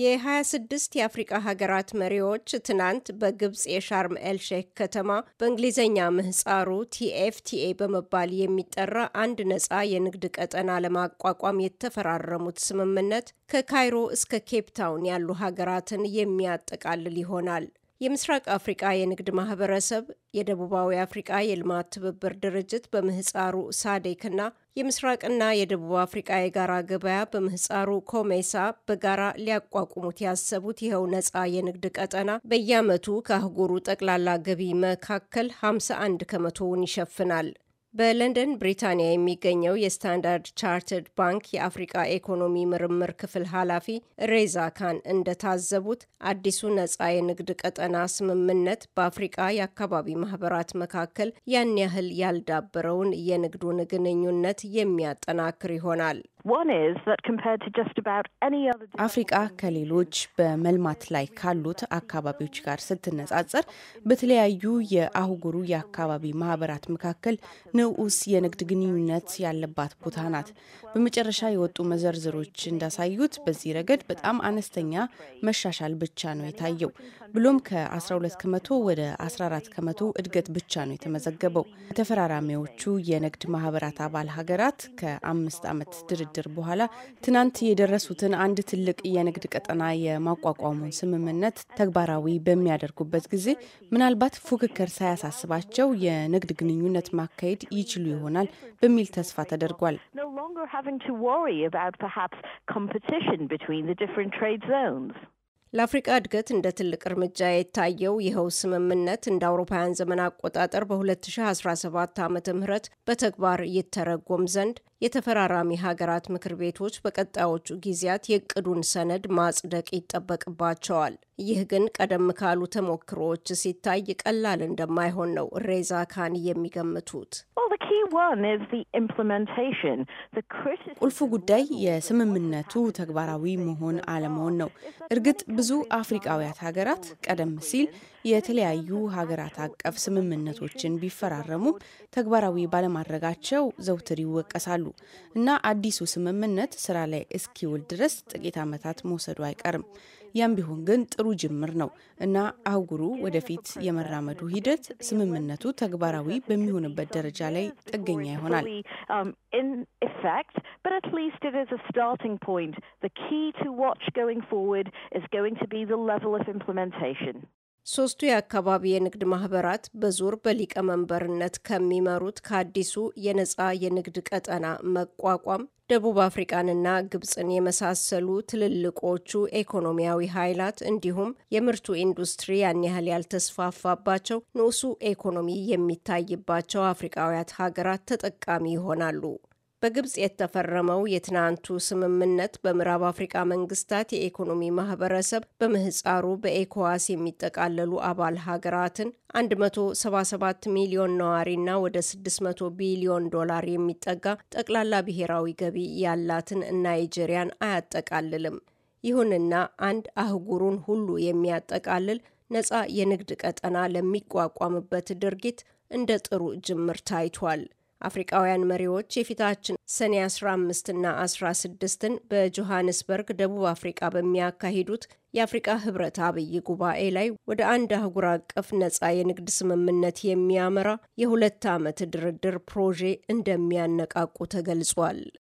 የ26 የአፍሪቃ ሀገራት መሪዎች ትናንት በግብፅ የሻርም ኤልሼክ ከተማ በእንግሊዝኛ ምህፃሩ ቲኤፍቲኤ በመባል የሚጠራ አንድ ነፃ የንግድ ቀጠና ለማቋቋም የተፈራረሙት ስምምነት ከካይሮ እስከ ኬፕታውን ያሉ ሀገራትን የሚያጠቃልል ይሆናል። የምስራቅ አፍሪቃ የንግድ ማህበረሰብ የደቡባዊ አፍሪቃ የልማት ትብብር ድርጅት በምህፃሩ ሳዴክና የምስራቅና የደቡብ አፍሪቃ የጋራ ገበያ በምህፃሩ ኮሜሳ በጋራ ሊያቋቁሙት ያሰቡት ይኸው ነፃ የንግድ ቀጠና በየዓመቱ ከአህጉሩ ጠቅላላ ገቢ መካከል 51 ከመቶውን ይሸፍናል። በለንደን ብሪታንያ የሚገኘው የስታንዳርድ ቻርተርድ ባንክ የአፍሪቃ ኢኮኖሚ ምርምር ክፍል ኃላፊ ሬዛ ካን እንደታዘቡት አዲሱ ነጻ የንግድ ቀጠና ስምምነት በአፍሪቃ የአካባቢ ማህበራት መካከል ያን ያህል ያልዳበረውን የንግዱን ግንኙነት የሚያጠናክር ይሆናል። አፍሪቃ ከሌሎች በመልማት ላይ ካሉት አካባቢዎች ጋር ስትነጻጸር በተለያዩ የአህጉሩ የአካባቢ ማህበራት መካከል ንዑስ የንግድ ግንኙነት ያለባት ቦታ ናት። በመጨረሻ የወጡ መዘርዝሮች እንዳሳዩት በዚህ ረገድ በጣም አነስተኛ መሻሻል ብቻ ነው የታየው። ብሎም ከ12 ከመቶ ወደ 14 ከመቶ እድገት ብቻ ነው የተመዘገበው። ተፈራራሚዎቹ የንግድ ማህበራት አባል ሀገራት ከአምስት ዓመት ድርጅ ድርድር በኋላ ትናንት የደረሱትን አንድ ትልቅ የንግድ ቀጠና የማቋቋሙን ስምምነት ተግባራዊ በሚያደርጉበት ጊዜ ምናልባት ፉክክር ሳያሳስባቸው የንግድ ግንኙነት ማካሄድ ይችሉ ይሆናል በሚል ተስፋ ተደርጓል። ለአፍሪቃ እድገት እንደ ትልቅ እርምጃ የታየው ይኸው ስምምነት እንደ አውሮፓውያን ዘመን አቆጣጠር በ2017 ዓ ም በተግባር ይተረጎም ዘንድ የተፈራራሚ ሀገራት ምክር ቤቶች በቀጣዮቹ ጊዜያት የእቅዱን ሰነድ ማጽደቅ ይጠበቅባቸዋል። ይህ ግን ቀደም ካሉ ተሞክሮዎች ሲታይ ቀላል እንደማይሆን ነው ሬዛ ካን የሚገምቱት። ቁልፉ ጉዳይ የስምምነቱ ተግባራዊ መሆን አለመሆን ነው። እርግጥ ብዙ አፍሪቃውያት ሀገራት ቀደም ሲል የተለያዩ ሀገራት አቀፍ ስምምነቶችን ቢፈራረሙም ተግባራዊ ባለማድረጋቸው ዘውትር ይወቀሳሉ እና አዲሱ ስምምነት ስራ ላይ እስኪውል ድረስ ጥቂት ዓመታት መውሰዱ አይቀርም። ያም ቢሆን ግን ጥሩ ጅምር ነው እና አህጉሩ ወደፊት የመራመዱ ሂደት ስምምነቱ ተግባራዊ በሚሆንበት ደረጃ ላይ ጥገኛ ይሆናል። ሶስቱ የአካባቢ የንግድ ማህበራት በዙር በሊቀመንበርነት ከሚመሩት ከአዲሱ የነፃ የንግድ ቀጠና መቋቋም ደቡብ አፍሪቃንና ግብፅን የመሳሰሉ ትልልቆቹ ኢኮኖሚያዊ ኃይላት እንዲሁም የምርቱ ኢንዱስትሪ ያን ያህል ያልተስፋፋባቸው ንዑሱ ኢኮኖሚ የሚታይባቸው አፍሪቃውያት ሀገራት ተጠቃሚ ይሆናሉ። በግብጽ የተፈረመው የትናንቱ ስምምነት በምዕራብ አፍሪቃ መንግስታት የኢኮኖሚ ማህበረሰብ በምህፃሩ በኤኮዋስ የሚጠቃለሉ አባል ሀገራትን 177 ሚሊዮን ነዋሪና ወደ 600 ቢሊዮን ዶላር የሚጠጋ ጠቅላላ ብሔራዊ ገቢ ያላትን ናይጄሪያን አያጠቃልልም። ይሁንና አንድ አህጉሩን ሁሉ የሚያጠቃልል ነፃ የንግድ ቀጠና ለሚቋቋምበት ድርጊት እንደ ጥሩ ጅምር ታይቷል። አፍሪቃውያን መሪዎች የፊታችን ሰኔ 15ና 16ን በጆሃንስበርግ ደቡብ አፍሪቃ በሚያካሂዱት የአፍሪቃ ህብረት አብይ ጉባኤ ላይ ወደ አንድ አህጉር አቀፍ ነጻ የንግድ ስምምነት የሚያመራ የሁለት ዓመት ድርድር ፕሮጄ እንደሚያነቃቁ ተገልጿል።